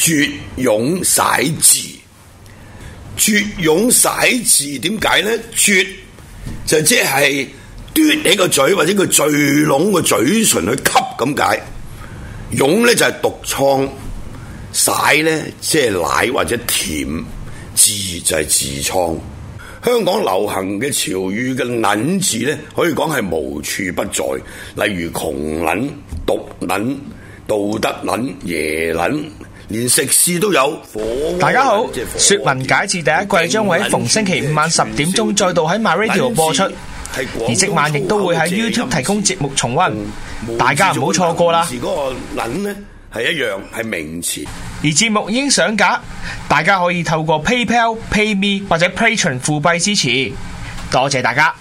絕涌洗字，絕涌洗字點解呢？絕就即係嘟你個嘴或者個聚攏個嘴唇去吸咁解。涌呢就係、是、毒瘡，洗呢即係奶或者甜，字就係痔瘡。香港流行嘅潮語嘅撚字呢，可以講係無處不在。例如窮撚、毒撚、道德撚、耶撚。連食肆都有。火大家好，說文解字第一季將會逢星期五晚十點鐘再度喺 MyRadio 播出，而即晚亦都會喺 YouTube 提供節目重温，大家唔好錯過啦。嗰個諗呢係一樣係名詞。而節目已經上架，大家可以透過 PayPal、PayMe 或者 Patreon 付幣支持，多謝大家。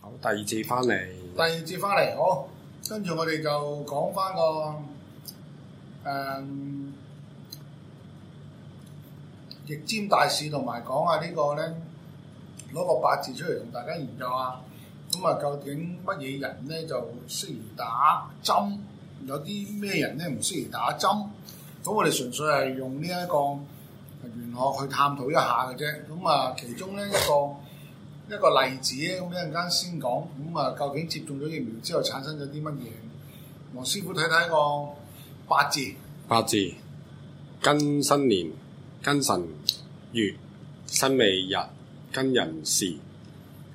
好，第二節返嚟。第二節返嚟，好。跟住我哋就講翻個誒、嗯、易占大市講，同埋講下呢個咧攞個八字出嚟同大家研究下。咁啊，究竟乜嘢人咧就適宜打針？有啲咩人咧唔適宜打針？咁我哋純粹係用呢一個玄學去探討一下嘅啫。咁啊，其中咧一個。一個例子咧，咁一陣間先講，咁、嗯、啊究竟接種咗疫苗之後產生咗啲乜嘢？黃師傅睇睇個八字。八字庚申年庚辰月辛未日庚寅時，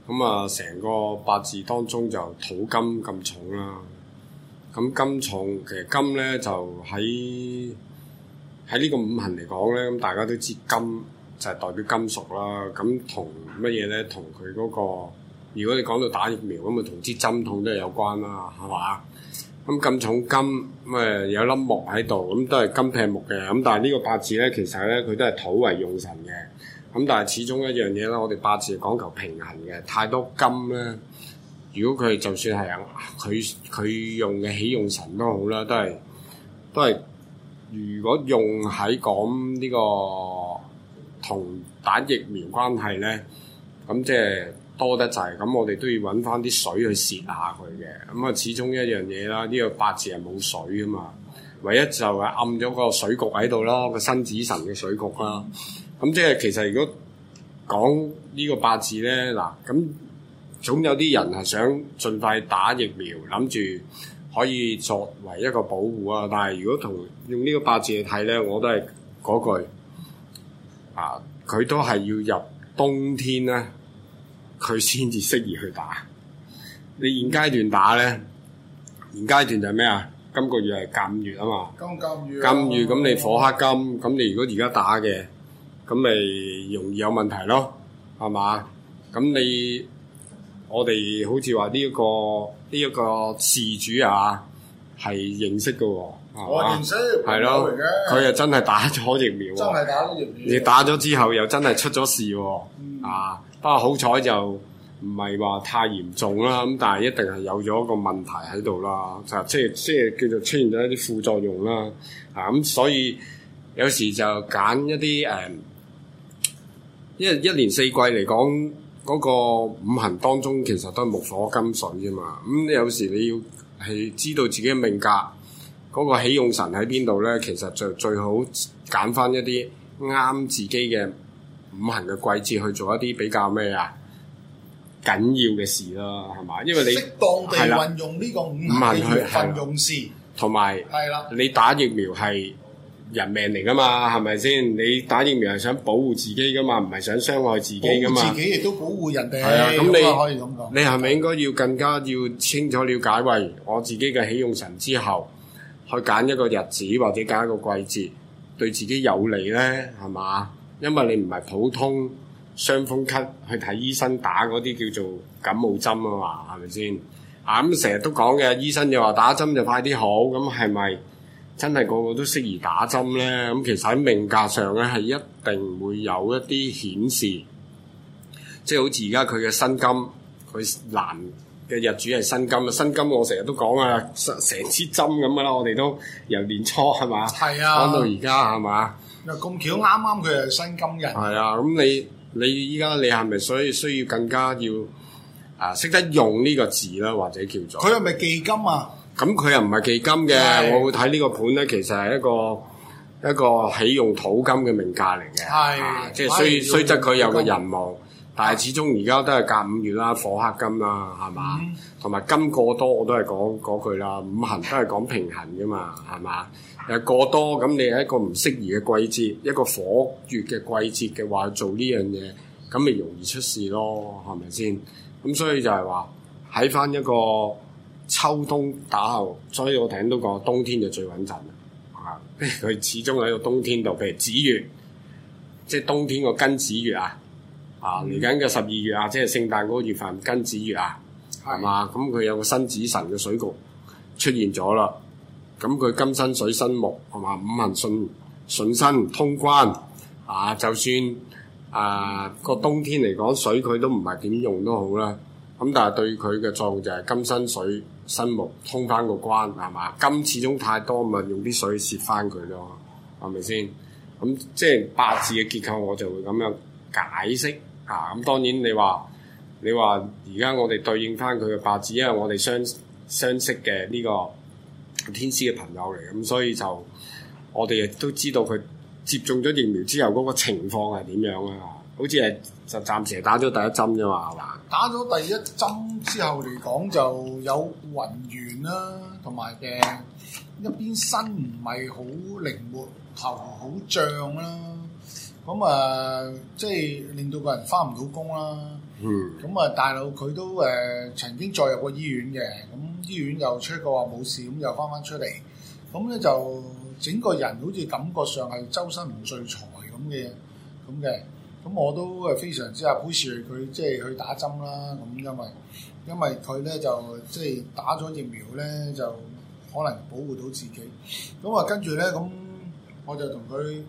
咁啊成個八字當中就土金咁重啦。咁金重，其實金咧就喺喺呢個五行嚟講咧，咁大家都知金就係代表金屬啦。咁同乜嘢咧？同佢嗰個，如果你講到打疫苗咁啊，同支針筒都係有關啦，係嘛？咁咁重金，咁、呃、誒有粒木喺度，咁都係金劈木嘅。咁但係呢個八字咧，其實咧佢都係土為用神嘅。咁但係始終一樣嘢啦，我哋八字係講求平衡嘅，太多金咧，如果佢就算係佢佢用嘅喜用神都好啦，都係都係如果用喺講呢、這個同打疫苗關係咧。咁即係多得滯，咁我哋都要揾翻啲水去泄下佢嘅。咁啊，始終一樣嘢啦，呢個八字係冇水啊嘛，唯一就係暗咗個水局喺度咯，個申子辰嘅水局啦。咁即係其實如果講呢個八字咧，嗱，咁總有啲人係想盡快打疫苗，諗住可以作為一個保護啊。但係如果同用呢個八字嚟睇咧，我都係嗰句啊，佢都係要入冬天咧。佢先至適宜去打。你現階段打咧，現階段就係咩啊？今個月係金月，月啊嘛。金金月。金月，咁你火克金，咁、嗯、你如果而家打嘅，咁咪容易有問題咯，係嘛？咁你我哋好似話呢一個呢一、呢個事主啊，係認識嘅喎，我認識。係咯，佢、哦、又真係打咗疫苗。真係打咗疫苗。你打咗之後又真係出咗事喎，啊、嗯！不過啊！好彩就唔係話太嚴重啦，咁但係一定係有咗一個問題喺度啦，就即係即係叫做出現咗一啲副作用啦。嚇、啊、咁、嗯、所以有時就揀一啲誒、嗯，因為一年四季嚟講，嗰、嗰個五行當中其實都係木火金水啫嘛。咁、嗯、有時你要係知道自己嘅命格嗰、嗰個喜用神喺邊度咧，其實就最好揀翻一啲啱自己嘅。五行嘅季節去做一啲比較咩啊緊要嘅事啦，係嘛？因為你適當地運用呢個的五行去運用事，同埋係啦，你打疫苗係人命嚟噶嘛，係咪先？你打疫苗係想保護自己噶嘛，唔係想傷害自己噶嘛？自己亦都保護人哋。係啊的，咁的你可以咁講。你係咪應該要更加要清楚了解，為我自己嘅喜用神之後，去揀一個日子或者揀一個季節，對自己有利咧，係嘛？因為你唔係普通傷風咳去睇醫生打嗰啲叫做感冒針啊嘛，係咪先？啊咁成日都講嘅，醫生又話打針就快啲好，咁係咪真係個個都適宜打針咧？咁、嗯、其實喺命格上咧係一定會有一啲顯示，即係好似而家佢嘅辛金，佢難嘅日主係辛金，金啊！辛金我成日都講啊，成支針咁噶啦，我哋都由年初係嘛，係啊，講到而家係嘛。咁巧啱啱佢又新金嘅，係啊！咁你你依家，你係咪所以需要更加要啊識得用個呢個字啦，或者叫做佢係咪忌金啊？咁佢又唔係忌金嘅，的我會睇呢個盤咧，其實係一個一個起用土金嘅名價嚟嘅，係的、啊、即係雖的雖則佢有個人望。但係始終而家都係隔五月啦，火克金啦，係嘛？同埋、嗯、金過多，我都係講嗰句啦。五行都係講平衡噶嘛，係嘛？誒過多咁，你係一個唔適宜嘅季節，一個火月嘅季節嘅話做呢樣嘢，咁咪容易出事咯，係咪先？咁所以就係話喺翻一個秋冬打後，所以我睇到個冬天就最穩陣啦。啊，佢 始終喺個冬天度，譬如子月，即係冬天個庚子月啊。啊，嚟緊嘅十二月啊，即係聖誕嗰個月份庚子月啊，係嘛？咁佢、嗯嗯、有個申子辰嘅水局出現咗啦，咁佢金生水生木，係嘛？五行順順生通關啊，就算誒個、啊、冬天嚟講水佢都唔係點用都好啦，咁但係對佢嘅作用就係金生水生木通翻個關，係嘛？金始終太多咪用啲水泄翻佢咯，係咪先？咁、嗯、即係八字嘅結構，我就會咁樣解釋。啊，咁當然你話，你話而家我哋對應翻佢嘅八字，因為我哋相相識嘅呢個天師嘅朋友嚟，咁、啊、所以就我哋亦都知道佢接種咗疫苗之後嗰個情況係點樣啊。好似係就暫時係打咗第一針啫嘛，係嘛？打咗第一針之後嚟講，就有暈眩啦，同埋嘅一邊身唔係好靈活，頭好脹啦、啊。咁啊，即係令到個人翻唔到工啦。咁、嗯、啊，大佬佢都誒曾經再入過醫院嘅。咁、嗯、醫院又 check 過話冇事，咁又翻翻出嚟。咁、嗯、咧就整個人好似感覺上係周身唔聚財咁嘅，咁嘅。咁、嗯、我都誒非常之啊，好似佢即係去打針啦。咁、嗯、因為因為佢咧就即係打咗疫苗咧，就可能保護到自己。咁、嗯、啊，跟住咧咁，我就同佢。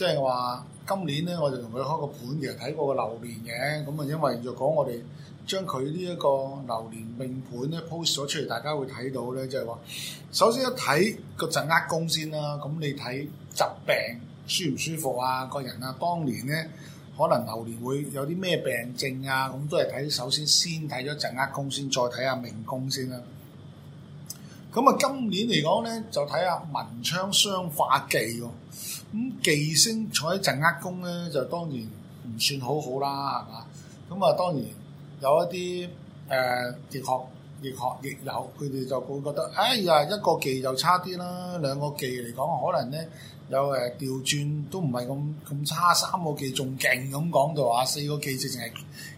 即係話今年咧，我就同佢開個盤，其實睇過個流年嘅。咁啊，因為如果我哋將佢呢一個流年命盤咧 post 咗出嚟，大家會睇到咧，即係話首先一睇個疾厄宮先啦、啊。咁你睇疾病舒唔舒服啊？個人啊，當年咧可能流年會有啲咩病症啊，咁都係睇首先先睇咗疾厄宮，再看看先再睇下命宮先啦。咁啊，今年嚟講咧，就睇下文昌雙化忌喎。咁、嗯、技星坐喺陣呃工咧，就當然唔算好好啦，係嘛？咁啊，當然有一啲誒哲學。呃亦學亦有，佢哋就會覺得，哎呀，一個忌就差啲啦，兩個忌嚟講，可能咧有誒調轉都唔係咁咁差，三個忌仲勁咁講到話，四個忌直情係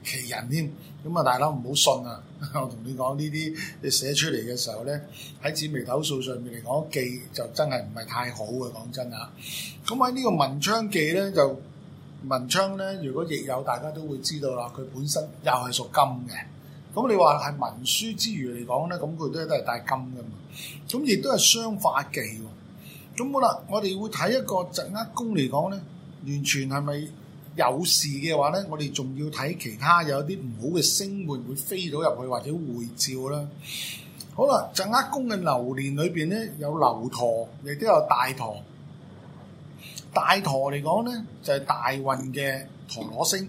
奇人添，咁啊大佬唔好信啊！我同你講呢啲你寫出嚟嘅時候咧，喺紫微斗數上面嚟講，忌就真係唔係太好嘅，講真啊！咁喺呢個文昌忌咧，就文昌咧，如果亦有大家都會知道啦，佢本身又係屬金嘅。咁你話係文書之餘嚟講咧，咁佢都一定係帶金嘅嘛，咁亦都係雙化忌喎。咁好啦，我哋會睇一個疾厄宮嚟講咧，完全係咪有事嘅話咧，我哋仲要睇其他有啲唔好嘅星會唔會飛到入去或者回照啦。好啦，疾厄宮嘅流年裏邊咧有流陀，亦都有大陀。大陀嚟講咧就係大運嘅陀螺星。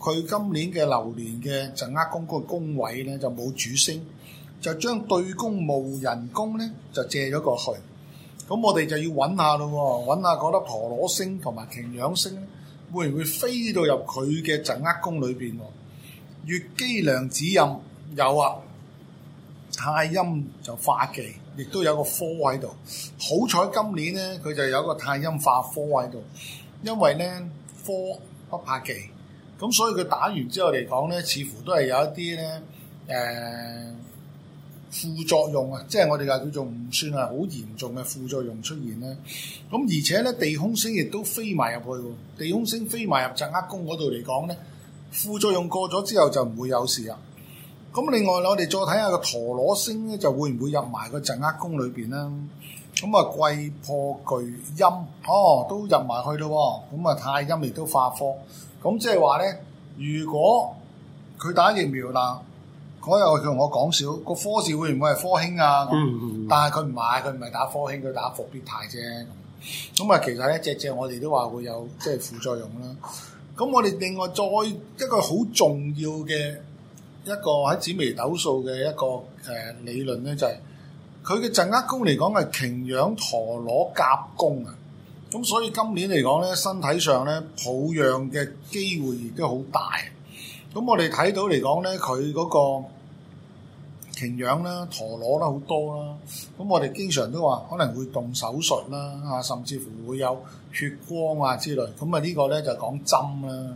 佢今年嘅流年嘅震厄宮嗰個宮位咧就冇主星，就將對宮無人工咧就借咗過去。咁我哋就要揾下咯、哦，揾下嗰粒陀羅星同埋擎羊星呢，會唔會飛到入佢嘅震厄宮裏邊？月機亮指任有啊，太陰就化忌，亦都有個科喺度。好彩今年咧，佢就有個太陰化科喺度，因為咧科不怕忌。咁所以佢打完之後嚟講咧，似乎都係有一啲咧誒副作用啊，即係我哋話叫做唔算係好嚴重嘅副作用出現咧。咁而且咧地空星亦都飛埋入去，地空星飛埋入鎮壓宮嗰度嚟講咧，副作用過咗之後就唔會有事啦、啊。咁另外我哋再睇下個陀螺星咧，就會唔會入埋個鎮壓宮裏邊啦？咁啊，貴破巨陰哦，都入埋去咯。咁、哦、啊，太陰亦都化科。咁即係話咧，如果佢打疫苗啦，嗰日佢同我講笑，個科字會唔會係科興啊？嗯嗯。但係佢唔買，佢唔係打科興，佢打復必泰啫。咁咁啊，其實咧只只我哋都話會有即係副作用啦。咁我哋另外再一個好重要嘅一個喺紫微斗數嘅一個誒理論咧、就是，就係佢嘅鎮壓宮嚟講係擎羊陀羅夾宮啊。咁所以今年嚟講咧，身體上咧抱恙嘅機會亦都好大。咁我哋睇到嚟講咧，佢嗰個擎羊啦、陀羅啦好多啦。咁我哋經常都話可能會動手術啦，啊，甚至乎會有血光啊之類。咁啊，呢個咧就是、講針啦。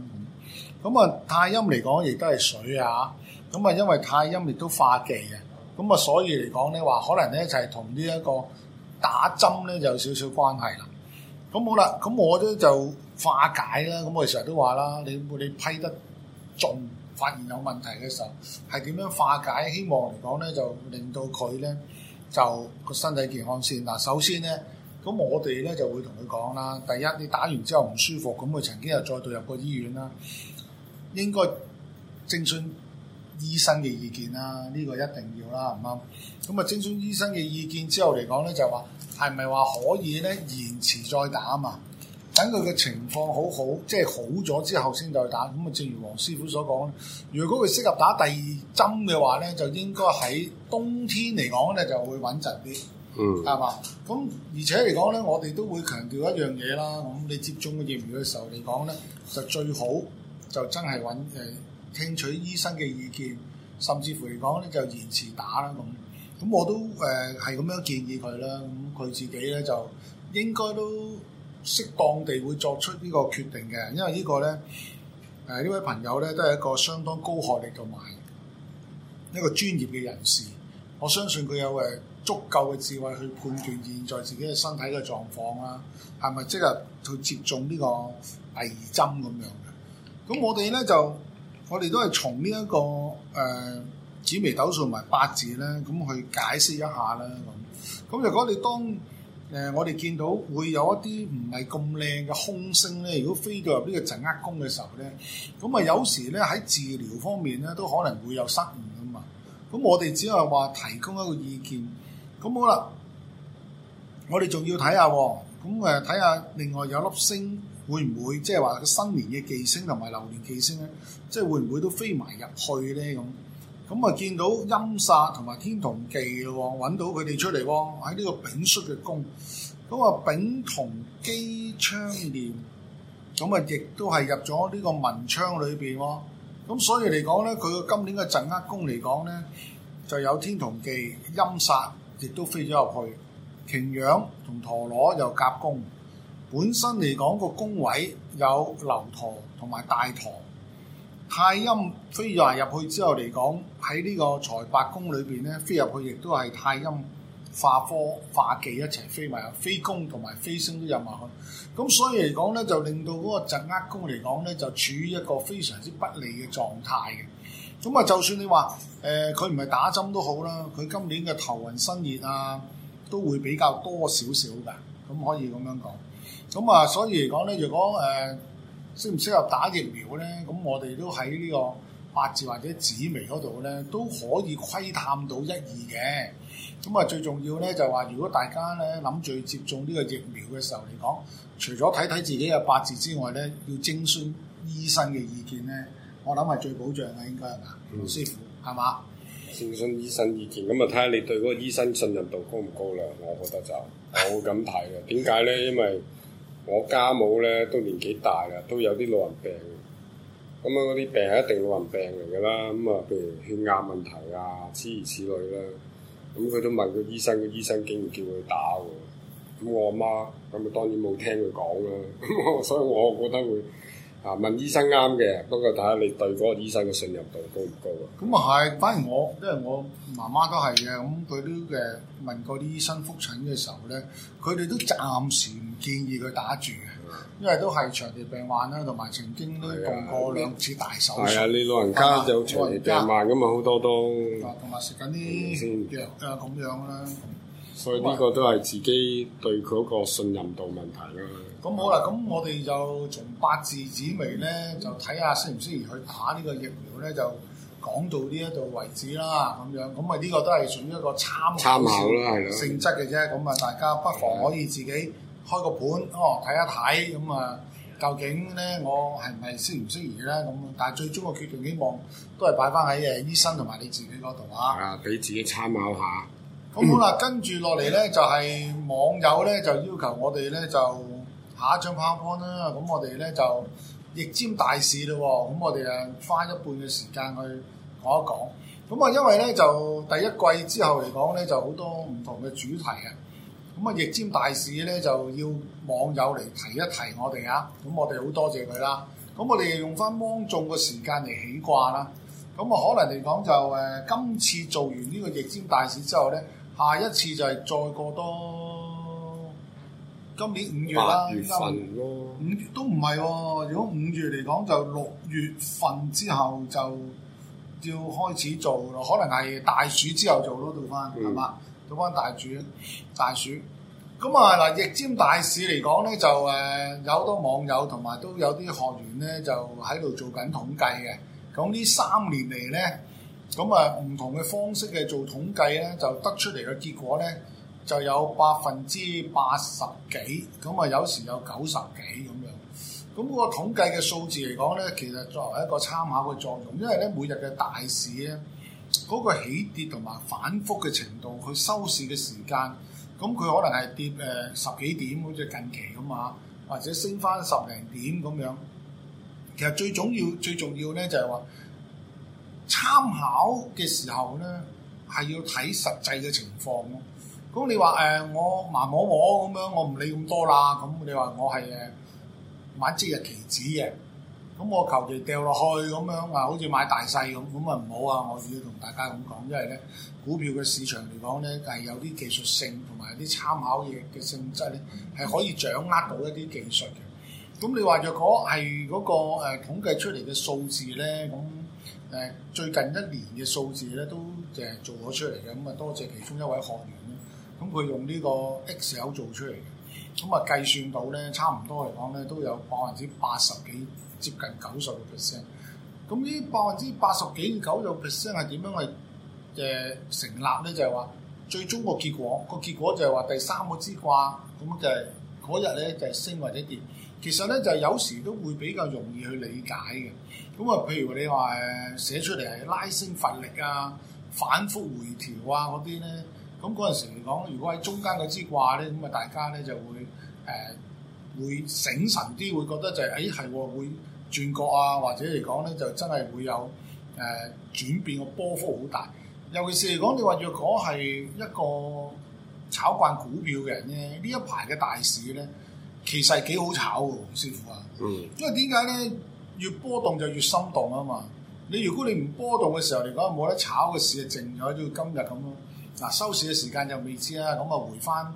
咁、嗯、啊，太陰嚟講亦都係水啊。咁啊，因為太陰亦都化忌嘅。咁啊，所以嚟講咧話，可能咧就係同呢一個打針咧就有少少關係啦。咁好啦，咁我咧就化解啦。咁我哋成日都話啦，你你批得重，發現有問題嘅時候，係點樣化解？希望嚟講咧，就令到佢咧就個身體健康先。嗱，首先咧，咁我哋咧就會同佢講啦。第一，你打完之後唔舒服，咁佢曾經又再度入過醫院啦，應該徵詢醫生嘅意見啦。呢個一定要啦，唔啱。咁啊，徵詢醫生嘅意見之後嚟講咧，就話。係咪話可以咧延遲再打啊？嘛，等佢嘅情況好好，即係好咗之後先再打。咁啊，正如黃師傅所講，如果佢適合打第二針嘅話咧，就應該喺冬天嚟講咧就會穩陣啲。嗯，係嘛？咁而且嚟講咧，我哋都會強調一樣嘢啦。咁你接種個疫苗嘅時候嚟講咧，就最好就真係揾誒聽取醫生嘅意見，甚至乎嚟講咧就延遲打啦咁。咁、嗯、我都誒係咁樣建議佢啦，咁、嗯、佢自己咧就應該都適當地會作出呢個決定嘅，因為個呢個咧誒呢位朋友咧都係一個相當高學歷同埋一個專業嘅人士，我相信佢有誒足夠嘅智慧去判斷現在自己嘅身體嘅狀況啦，係咪即係去接種個疫針呢、這個疫苗咁樣嘅？咁我哋咧就我哋都係從呢一個誒。紫微斗數同埋八字咧，咁去解釋一下啦。咁。咁如果你當誒、呃、我哋見到會有一啲唔係咁靚嘅空星咧，如果飛到入呢個鎮壓宮嘅時候咧，咁啊有時咧喺治療方面咧都可能會有失誤啊嘛。咁我哋只係話提供一個意見。咁好啦，我哋仲要睇下喎。咁誒睇下另外有粒星會唔會即係話個新年嘅忌星同埋流年忌星咧，即係會唔會都飛埋入去咧咁？咁啊，見到陰煞同埋天同忌咯，搵到佢哋出嚟喎，喺呢個丙戌嘅宮，咁啊丙同機昌廉，咁啊亦都係入咗呢個文昌裏邊，喎，咁所以嚟講咧，佢個今年嘅疾厄宮嚟講咧，就有天同忌、陰煞，亦都飛咗入去，擎羊同陀羅又夾宮，本身嚟講個宮位有流陀同埋大陀。太陰飛入入去之後嚟講，喺呢個財帛宮裏邊咧，飛入去亦都係太陰化科化忌一齊飛埋，入飛宮同埋飛星都入埋去。咁所以嚟講咧，就令到嗰個疾厄宮嚟講咧，就處於一個非常之不利嘅狀態嘅。咁啊，就算你話誒佢唔係打針都好啦，佢今年嘅頭暈身熱啊，都會比較多少少噶。咁可以咁樣講。咁啊，所以嚟講咧，如果……誒、呃。適唔適合打疫苗咧？咁我哋都喺呢個八字或者紫微嗰度咧，都可以窺探到一二嘅。咁啊，最重要咧就話，如果大家咧諗住接種呢個疫苗嘅時候嚟講，除咗睇睇自己嘅八字之外咧，要徵詢醫生嘅意見咧，我諗係最保障嘅，應該係嘛，黃、嗯、師傅，係嘛？徵詢醫生意見，咁啊睇下你對嗰個醫生信任度高唔高啦。我覺得就，我會咁睇嘅。點解咧？因為我家母咧都年紀大啦，都有啲老人病。咁、嗯、啊，啲病係一定老人病嚟噶啦。咁、嗯、啊，譬如血壓問題啊，諸如此類啦。咁、嗯、佢都問個醫生，個醫生竟然叫佢打喎。咁我阿媽咁啊、嗯，當然冇聽佢講啦。 所以我覺得會啊，問醫生啱嘅，不過睇下你對嗰個醫生嘅信任度高唔高啊。咁啊係，反而我因為我媽媽都係嘅，咁佢都嘅問過啲醫生覆診嘅時候咧，佢哋都暫時。建議佢打住嘅，因為都係長期病患啦，同埋曾經都動過兩次大手術。係啊，你老人家有長期病患咁啊，好多都同埋食緊啲藥啊，咁、嗯嗯、樣啦。所以呢個都係自己對佢個信任度問題啦。咁好啦，咁我哋就從八字紫微咧，就睇下適唔適宜去打呢個疫苗咧，就講到呢一度為止啦。咁樣咁啊，呢個都係屬於一個參考啦，性質嘅啫。咁啊，大家不妨可以自己、嗯。開個盤，哦睇一睇，咁、嗯、啊究竟咧我係咪適唔適宜咧？咁、嗯，但係最終嘅決定，希望都係擺翻喺誒醫生同埋你自己嗰度啊。啊，俾自己參考下。咁、 嗯、好啦，跟住落嚟咧就係、是、網友咧就要求我哋咧就下一張 PowerPoint 啦。咁、嗯、我哋咧就易占大市咯、哦。咁、嗯、我哋啊花一半嘅時間去講一講。咁、嗯、啊、嗯，因為咧就第一季之後嚟講咧就好多唔同嘅主題嘅。咁啊，易占大市咧就要網友嚟提一提我哋啊，咁我哋好多謝佢啦。咁我哋用翻芒種嘅時間嚟起卦啦。咁啊，可能嚟講就誒、呃，今次做完呢個易占大市之後咧，下一次就係再過多今年五月啦，依家五月都唔係喎。如果五月嚟講，就六月份之後就要開始做咯。可能係大暑之後做咯，到翻係嘛？做翻大主大選，咁啊嗱易占大市嚟講咧，就誒、啊、有好多網友同埋都有啲學員咧，就喺度做緊統計嘅。咁呢三年嚟咧，咁啊唔同嘅方式嘅做統計咧，就得出嚟嘅結果咧，就有百分之八十幾，咁啊有時有九十幾咁樣。咁個統計嘅數字嚟講咧，其實作為一個參考嘅作用，因為咧每日嘅大市咧，嗰個起跌同埋反覆嘅程度，佢收市嘅時間，咁佢可能係跌誒十幾點，好似近期咁啊，或者升翻十零點咁樣。其實最重要、最重要咧就係話參考嘅時候咧，係要睇實際嘅情況咯。咁你話誒、呃、我盲摸摸咁樣，我唔理咁多啦。咁你話我係誒買即日期指嘅？咁我求其掉落去咁樣啊，好似買大細咁，咁啊唔好啊！我要同大家咁講，因為咧股票嘅市場嚟講咧，係有啲技術性同埋啲參考嘢嘅性質咧，係可以掌握到一啲技術嘅。咁你話若果係嗰、嗰個誒、呃、統計出嚟嘅數字咧，咁誒、呃、最近一年嘅數字咧都淨係做咗出嚟嘅，咁啊多謝其中一位學員，咁佢用呢個 Excel 做出嚟。咁啊計算到咧，差唔多嚟講咧，都有百分之八十幾，接近九十嘅 percent。咁呢百分之八十幾九成 percent 係點樣去嘅、呃、成立咧？就係、是、話最終個結果，個結果就係話第三個之卦，咁就係嗰日咧就係、是、升或者跌。其實咧就係、是、有時都會比較容易去理解嘅。咁啊，譬如你話誒寫出嚟係拉升乏力啊，反覆回調啊嗰啲咧。咁嗰陣時嚟講，如果喺中間嗰支卦咧，咁啊大家咧就會誒、呃、會醒神啲，會覺得就係誒係會轉角啊，或者嚟講咧就真係會有誒、呃、轉變個波幅好大。尤其是嚟講，你話若果係一個炒慣股票嘅人咧，呢一排嘅大市咧，其實係幾好炒嘅，師傅啊。嗯。因為點解咧？越波動就越心動啊嘛！你如果你唔波動嘅時候嚟講，冇得炒嘅事啊，靜咗到今日咁咯。嗱、啊、收市嘅時間又未知啦，咁啊回翻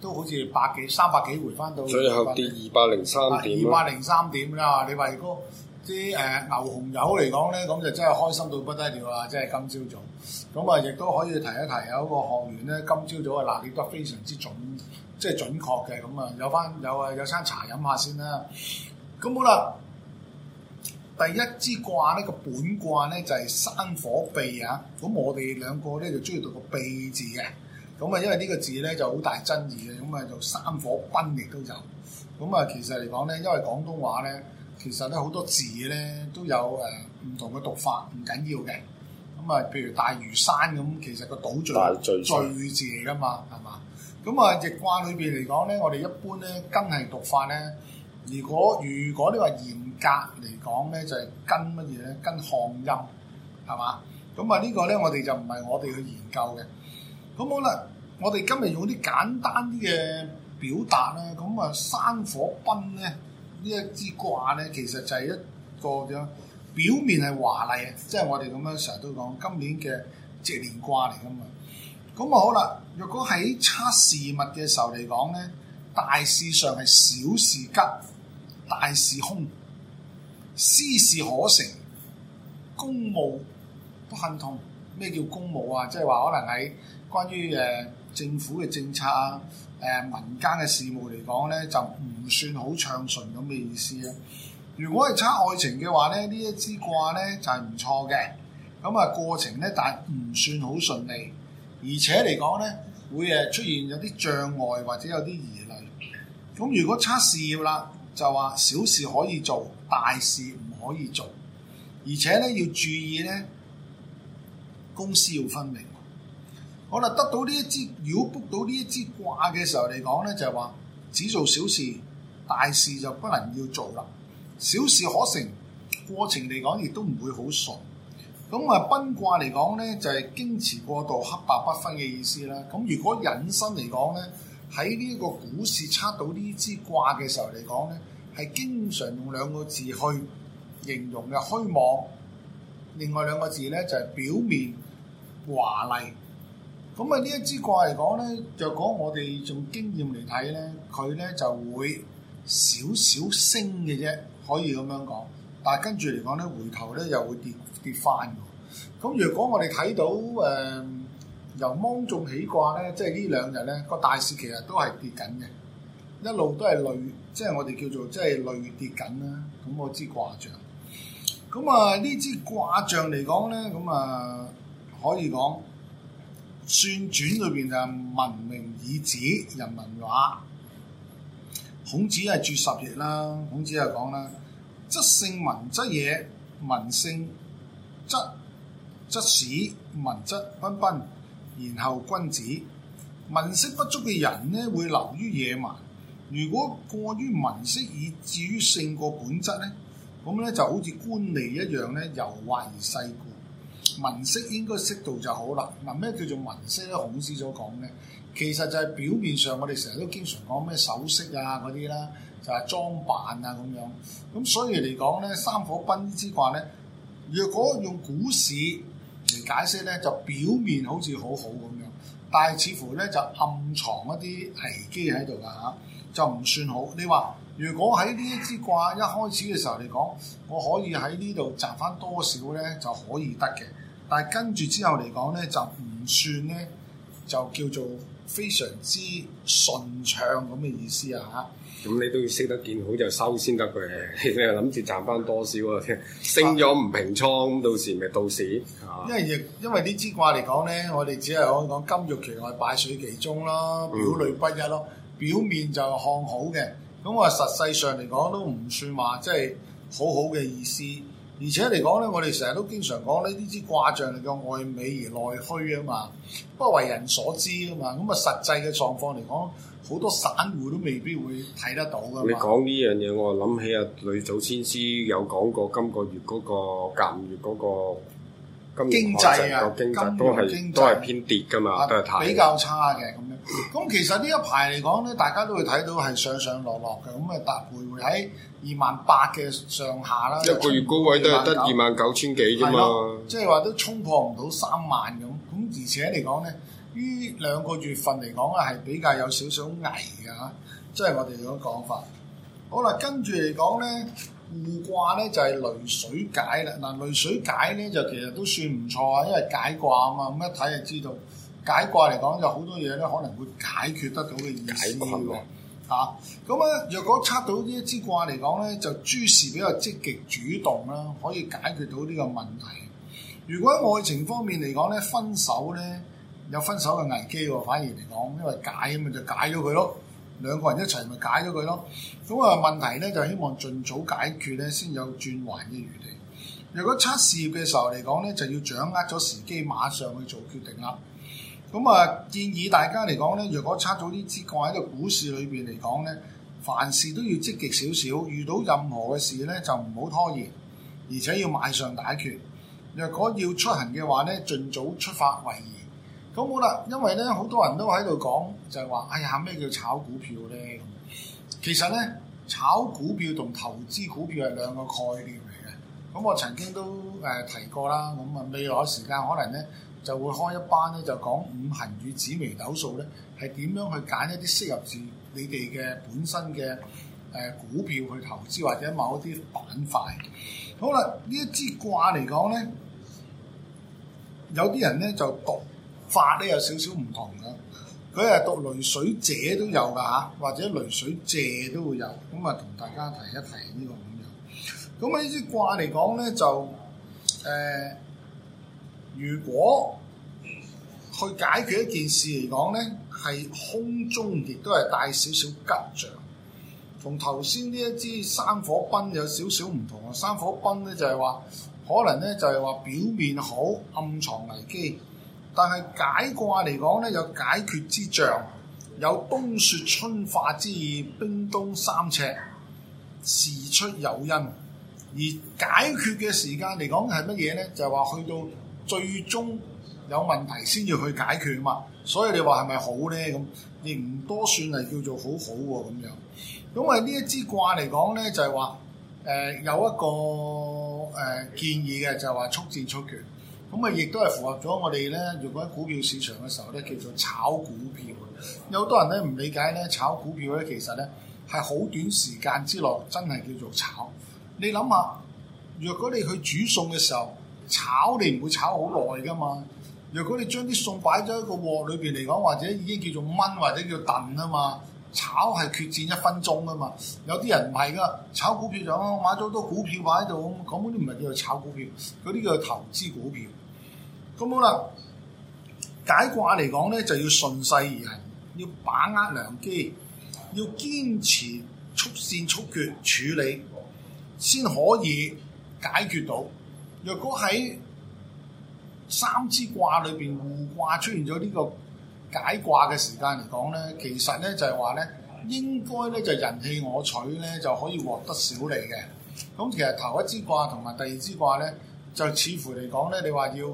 都好似百幾三百幾回翻到，最後跌二百零三點，二百零三點啦。啊點啊、你話如果啲誒牛熊油嚟講咧，咁就真係開心到不得了啦！即、就、係、是、今朝早，咁啊亦都可以提一提有個學員咧，今朝早啊嗱，你都非常之準，即、就、係、是、準確嘅咁啊，有翻有，有，有啊，有餐茶飲下先啦。咁好啦。第一支卦呢個本卦咧就係山火備啊，咁我哋兩個咧就中意讀個備字嘅，咁啊因為呢個字咧就好大爭議嘅，咁啊就山火奔亦都有，咁啊其實嚟講咧，因為廣東話咧，其實咧好多字咧都有誒唔同嘅讀法，唔緊要嘅，咁啊譬如大嶼山咁，其實個嶼字係罪字嚟噶嘛，係嘛？咁啊易卦裏邊嚟講咧，我哋一般咧根係讀法咧。如果如果你話嚴格嚟講咧，就係、是、跟乜嘢咧？跟漢音係嘛？咁啊呢個咧，我哋就唔係我哋去研究嘅。咁好啦，我哋今日用啲簡單啲嘅表達啦。咁啊，山火賁咧呢一支卦咧，其實就係一個樣表面係華麗，即、就、係、是、我哋咁樣成日都講今年嘅值年卦嚟㗎嘛。咁啊好啦，若果喺測事物嘅時候嚟講咧，大事上係小事吉。大事空，私事可成，公務不亨通。咩叫公務啊？即係話可能喺關於誒、呃、政府嘅政策啊、誒、呃、民間嘅事務嚟講咧，就唔算好暢順咁嘅意思啊。如果係測愛情嘅話咧，一掛呢一支卦咧就係唔錯嘅。咁啊過程咧，但係唔算好順利，而且嚟講咧會誒出現有啲障礙或者有啲疑慮。咁如果測事業啦？就話小事可以做，大事唔可以做，而且咧要注意咧，公私要分明。好、嗯、啦，得到呢一支，如果卜到呢一支卦嘅時候嚟講咧，就係、是、話只做小事，大事就不能要做啦。小事可成，過程嚟講亦都唔會好順。咁、嗯、啊，賁卦嚟講咧，就係、是、矜持過度、黑白不分嘅意思啦。咁、嗯、如果引申嚟講咧？喺呢一個股市測到呢支卦嘅時候嚟講咧，係經常用兩個字去形容嘅虛妄。另外兩個字咧就係表面華麗。咁啊呢一支卦嚟講咧，若果我哋從經驗嚟睇咧，佢咧就會少少升嘅啫，可以咁樣講。但係跟住嚟講咧，回頭咧又會跌跌翻。咁若果我哋睇到誒。呃由芒種起卦咧，即係呢兩日咧個大市其實都係跌緊嘅，一路都係累，即係我哋叫做即係累跌緊啦。咁、嗯、我支卦象，咁、嗯、啊支呢支卦象嚟講咧，咁、嗯、啊可以講算轉裏邊就文明以止人民話，孔子係住十月啦。孔子就講啦：質性文質野，文性質質史文質彬彬，然後君子，文飾不足嘅人咧會流於野蠻。如果過於文飾以至於勝過本質咧，咁咧就好似官吏一樣咧，柔滑而世故。文飾應該適度就好啦。嗱，咩叫做文飾咧？孔子所講咧，其實就係表面上我哋成日都經常講咩首飾啊嗰啲啦，就係裝扮啊咁樣。咁所以嚟講咧，三火賁之卦咧，若果用股市。解釋咧就表面好似好好咁樣，但係似乎咧就暗藏一啲危機喺度噶嚇，就唔算好。你話如果喺呢一支卦一開始嘅時候嚟講，我可以喺呢度摘翻多少咧就可以得嘅，但係跟住之後嚟講咧就唔算咧就叫做非常之順暢咁嘅意思啊嚇。咁你都要識得見好就收先得嘅，你又諗住賺翻多少 啊？升咗唔平倉，到時咪到時、啊。因為因為呢支卦嚟講咧，我哋只係講講金玉其外，敗絮其中咯，表裏不一咯。嗯、表面就看好嘅，咁我實際上嚟講都唔算話即係好好嘅意思。而且嚟講咧，我哋成日都經常講呢啲卦象嚟嘅外美而內虛啊嘛，不為人所知啊嘛，咁啊實際嘅狀況嚟講，好多散戶都未必會睇得到噶。你講呢樣嘢，我啊諗起啊，呂祖先師有講過今個月嗰個隔月嗰個。經濟啊，濟金融經濟都係偏跌㗎嘛，啊、比較差嘅咁樣。咁 其實呢一排嚟講咧，大家都會睇到係上上落落嘅，咁啊徘徊會喺二萬八嘅上下啦。一個月高位都係得二萬九千幾啫嘛。即係話都衝破唔到三萬咁。咁而且嚟講咧，呢兩個月份嚟講啊，係比較有少少危㗎吓。即、啊、係、就是、我哋嗰講法。好啦，跟住嚟講咧。互卦咧就係雷水解啦，嗱雷水解咧就其實都算唔錯啊，因為解卦啊嘛，咁一睇就知道解卦嚟講就好多嘢咧可能會解決得到嘅意思喎，咁咧若果測到呢一支卦嚟講咧，就諸事比較積極主動啦，可以解決到呢個問題。如果喺愛情方面嚟講咧，分手咧有分手嘅危機喎，反而嚟講因為解啊嘛就解咗佢咯。兩個人一齊咪解咗佢咯，咁啊問題呢，就希望儘早解決咧，先有轉圜嘅餘地。若果測事業嘅時候嚟講呢，就要掌握咗時機，馬上去做決定啦。咁啊建議大家嚟講呢，若果測到啲指數喺個股市裏邊嚟講呢，凡事都要積極少少，遇到任何嘅事呢就唔好拖延，而且要馬上解決。若果要出行嘅話呢，盡早出發為宜。咁好啦，因為咧好多人都喺度講就係、是、話，哎呀咩叫炒股票咧？其實咧炒股票同投資股票係兩個概念嚟嘅。咁、嗯、我曾經都誒、呃、提過啦。咁、嗯、啊未來時間可能咧就會開一班咧，就講五行與紫微斗數咧，係點樣去揀一啲適合住你哋嘅本身嘅誒、呃、股票去投資，或者某一啲板塊。好啦，一呢一支卦嚟講咧，有啲人咧就讀法咧有少少唔同嘅，佢係讀雷水解都有噶嚇，或者雷水解都會有，咁啊同大家提一提個呢個咁樣。咁啊呢支卦嚟講咧就誒、呃，如果去解決一件事嚟講咧，係空中亦都係帶少少吉象。從頭先呢一支山火賁有少少唔同啊，山火賁咧就係、是、話可能咧就係、是、話表面好，暗藏危機。但係解卦嚟講咧，有解決之象，有冬雪春化之意，冰凍三尺，事出有因。而解決嘅時間嚟講係乜嘢咧？就係、是、話去到最終有問題先要去解決啊嘛。所以你話係咪好咧？咁亦唔多算係叫做好好喎咁樣。咁我呢一支卦嚟講咧，就係話誒有一個誒、呃、建議嘅，就係、是、話速戰速決。咁啊，亦都係符合咗我哋咧，如果喺股票市場嘅時候咧，叫做炒股票。有好多人咧唔理解咧，炒股票咧其實咧係好短時間之內真係叫做炒。你諗下，若果你去煮餸嘅時候，炒你唔會炒好耐㗎嘛？若果你將啲餸擺咗喺個鑊裏邊嚟講，或者已經叫做炆或者叫燉啊嘛，炒係決戰一分鐘㗎嘛。有啲人唔係㗎，炒股票就咁，買咗好多股票擺喺度，咁根本都唔係叫做炒股票，嗰啲叫做投資股票。咁好啦，解卦嚟講咧，就要順勢而行，要把握良機，要堅持速線速決處理，先可以解決到。若果喺三支卦裏邊互卦出現咗呢個解卦嘅時間嚟講咧，其實咧就係話咧，應該咧就人棄我取咧就可以獲得小利嘅。咁其實頭一支卦同埋第二支卦咧，就似乎嚟講咧，你話要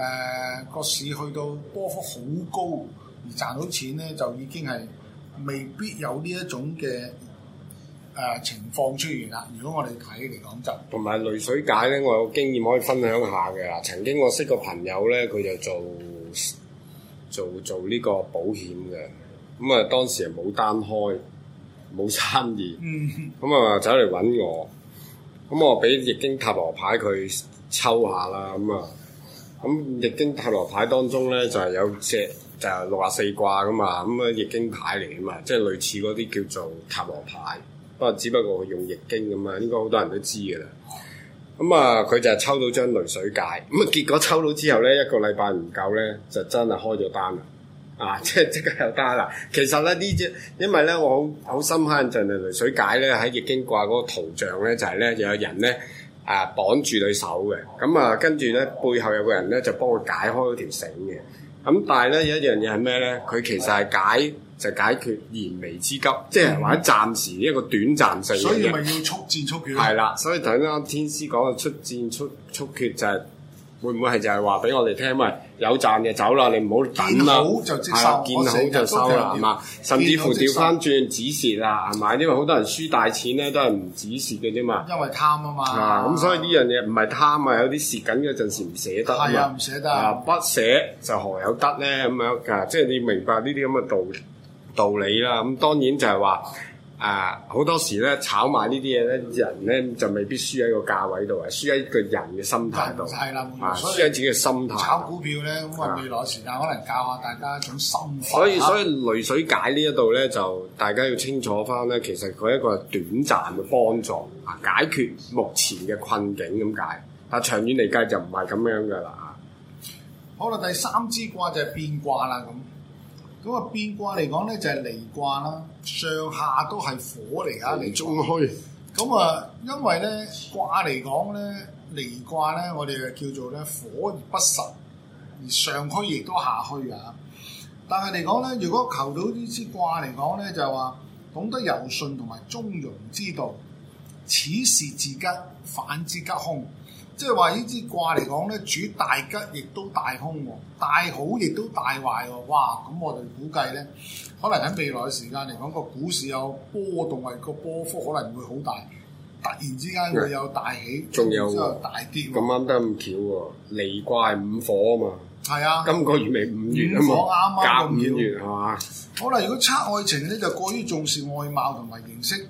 誒個、呃、市去到波幅好高，而賺到錢咧，就已經係未必有呢一種嘅誒、呃、情況出現啦。如果我哋睇嚟講，就同埋雷水解咧，我有經驗可以分享下嘅啦。曾經我識個朋友咧，佢就做做做呢個保險嘅，咁、嗯、啊、嗯、當時係冇單開，冇生意，咁啊走嚟搵我，咁我俾易經塔羅牌佢抽下啦，咁、嗯、啊～、嗯咁易經塔羅牌當中咧就係、是、有隻就係六十四卦噶嘛，咁啊易經牌嚟噶嘛，即係類似嗰啲叫做塔羅牌，不過只不過用易經咁嘛，應該好多人都知噶啦。咁啊，佢就係抽到張雷水解，咁啊結果抽到之後咧，一個禮拜唔夠咧，就真係開咗單啦，啊即係即刻有單啦。其實咧呢隻，因為咧我好好深刻，就係雷水解咧喺易經卦嗰個圖像咧就係、是、咧有，有人咧。啊！綁住對手嘅，咁啊，跟住咧，背後有個人咧就幫佢解開嗰條繩嘅。咁、啊、但係咧，有一樣嘢係咩咧？佢其實係解的就解決燃眉之急，嗯、即係話喺暫時一個短暫性嘅。所以咪要速戰速決。係啦， 所以頭先啱天師講嘅速戰速速決就係、是。會唔會係就係話俾我哋聽，咪有賺就走啦，你唔好等啦。係啊，見好就收啦，係嘛？是是見 甚至乎調翻轉止蝕啊，係嘛？因為好多人輸大錢咧，都係唔止蝕嘅啫嘛。因為貪啊嘛。啊，咁所以呢樣嘢唔係貪啊，有啲蝕緊嘅陣時唔捨得啊，唔捨得啊，不捨就何有得咧？咁樣㗎、啊，即係你明白呢啲咁嘅道道理啦。咁、啊、當然就係話。啊啊！好多時咧炒賣呢啲嘢咧，嗯、人咧就未必輸喺個價位度啊，以輸喺個人嘅心態度啊，輸喺自己嘅心態。炒股票咧咁啊，要攞時間，可能教下大家種心法。所以所以雷水解呢一度咧，就大家要清楚翻咧，其實佢係一個短暫嘅幫助啊，解決目前嘅困境咁解。但係長遠嚟計就唔係咁樣噶啦啊！好啦，第三支卦就係變卦啦咁。咁啊，變卦嚟講咧就係離卦啦，上下都係火嚟噶，離中虛。咁啊、嗯，因為咧卦嚟講咧離卦咧，我哋就叫做咧火而不實，而上虛亦都下虛啊。但係嚟講咧，如果求到支呢支卦嚟講咧，就係話懂得柔順同埋中庸之道，此時自吉，反之吉凶。即係話呢支卦嚟講咧，主大吉，亦都大兇、哦，大好亦都大壞喎、哦！哇，咁我哋估計咧，可能喺未來嘅時間嚟講，個股市有波動，係個波幅可能會好大，突然之間會有大起，仲有、哦、大跌。咁啱得咁巧喎、啊，離卦五火啊嘛。係啊，今個月咪五月啊嘛，啱啱交五月係嘛？好、啊、啦，如果測愛情咧，就過於重視外貌同埋形式，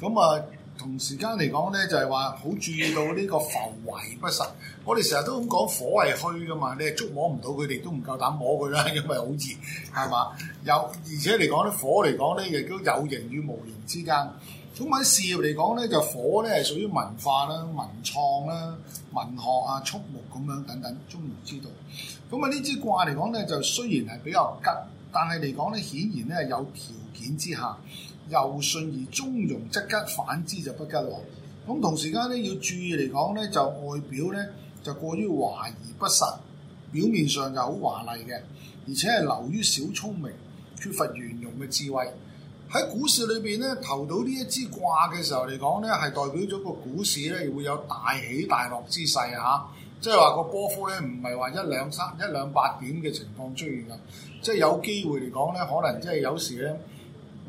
咁啊。同時間嚟講咧，就係話好注意到呢個浮華不實。我哋成日都咁講，火係虛噶嘛，你捉摸唔到佢哋，都唔夠膽摸佢啦，因為好熱，係嘛？有而且嚟講咧，火嚟講咧亦都有形與無形之間。咁喺事業嚟講咧，就火咧係屬於文化啦、文創啦、文學啊、畜牧咁樣等等，中庸之道。咁啊，呢支卦嚟講咧，就雖然係比較吉，但係嚟講咧，顯然咧有條件之下。又信而中庸，則吉；反之就不吉咯。咁同時間咧，要注意嚟講咧，就外表咧就過於華而不實，表面上就好華麗嘅，而且係流於小聰明，缺乏圓融嘅智慧。喺股市裏邊咧，投到呢一支卦嘅時候嚟講咧，係代表咗個股市咧會有大起大落之勢嚇、啊，即係話個波幅咧唔係話一兩三一兩百點嘅情況出現㗎，即係有機會嚟講咧，可能即係有時咧。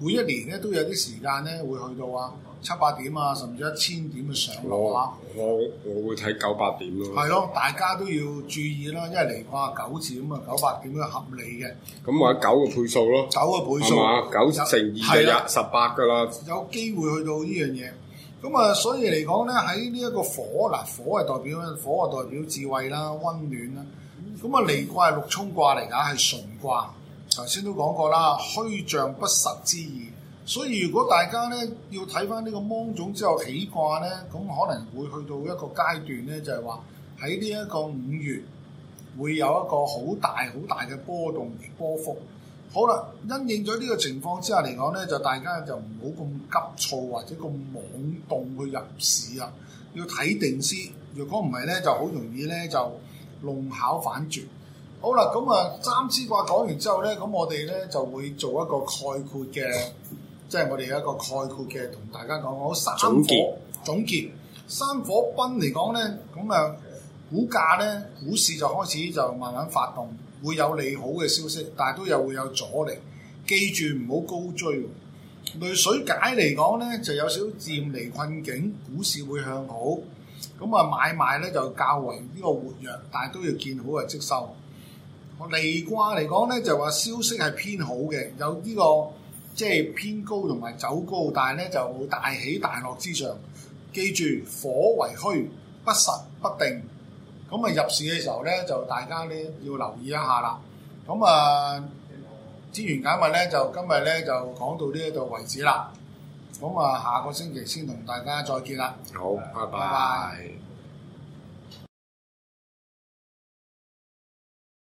每一年咧都有啲時間咧會去到啊七八點啊，甚至一千點嘅上落啊。我我會睇九八點咯。係咯，大家都要注意啦，因為離卦九字咁啊，九八點都合理嘅。咁或者九個倍數咯，九個倍數，九乘二係十八㗎啦。有機會去到呢樣嘢，咁啊，所以嚟講咧喺呢一個火嗱，火係代表火啊代，代表智慧啦、温暖啦。咁啊，離卦係六沖卦嚟㗎，係純卦。頭先都講過啦，虛象不實之意，所以如果大家咧要睇翻呢個芒種之後起卦咧，咁可能會去到一個階段咧，就係話喺呢一個五月會有一個好大好大嘅波動波幅。好啦，因應咗呢個情況之下嚟講咧，就大家就唔好咁急躁或者咁妄動去入市啊，要睇定先。如果唔係咧，就好容易咧就弄巧反拙。好啦，咁啊三支卦講完之後呢，咁我哋呢就會做一個概括嘅， 即係我哋有一個概括嘅同大家講好三火總結，總，結總結，三火崩嚟講呢，咁啊股價呢，股市就開始就慢慢發動，會有利好嘅消息，但係都又會有阻力。記住唔好高追。雷水解嚟講呢就有少少漸離困境，股市會向好。咁啊買賣呢就較為呢個活躍，但係都要見好啊即收。離卦嚟講咧，就話消息係偏好嘅，有呢個即係偏高同埋走高，但係咧就冇大起大落之上。記住火為虛，不實不定，咁啊入市嘅時候咧，就大家咧要留意一下啦。咁啊，資源解密咧就今日咧就講到呢一度為止啦。咁啊，下個星期先同大家再見啦。好，拜拜。拜拜。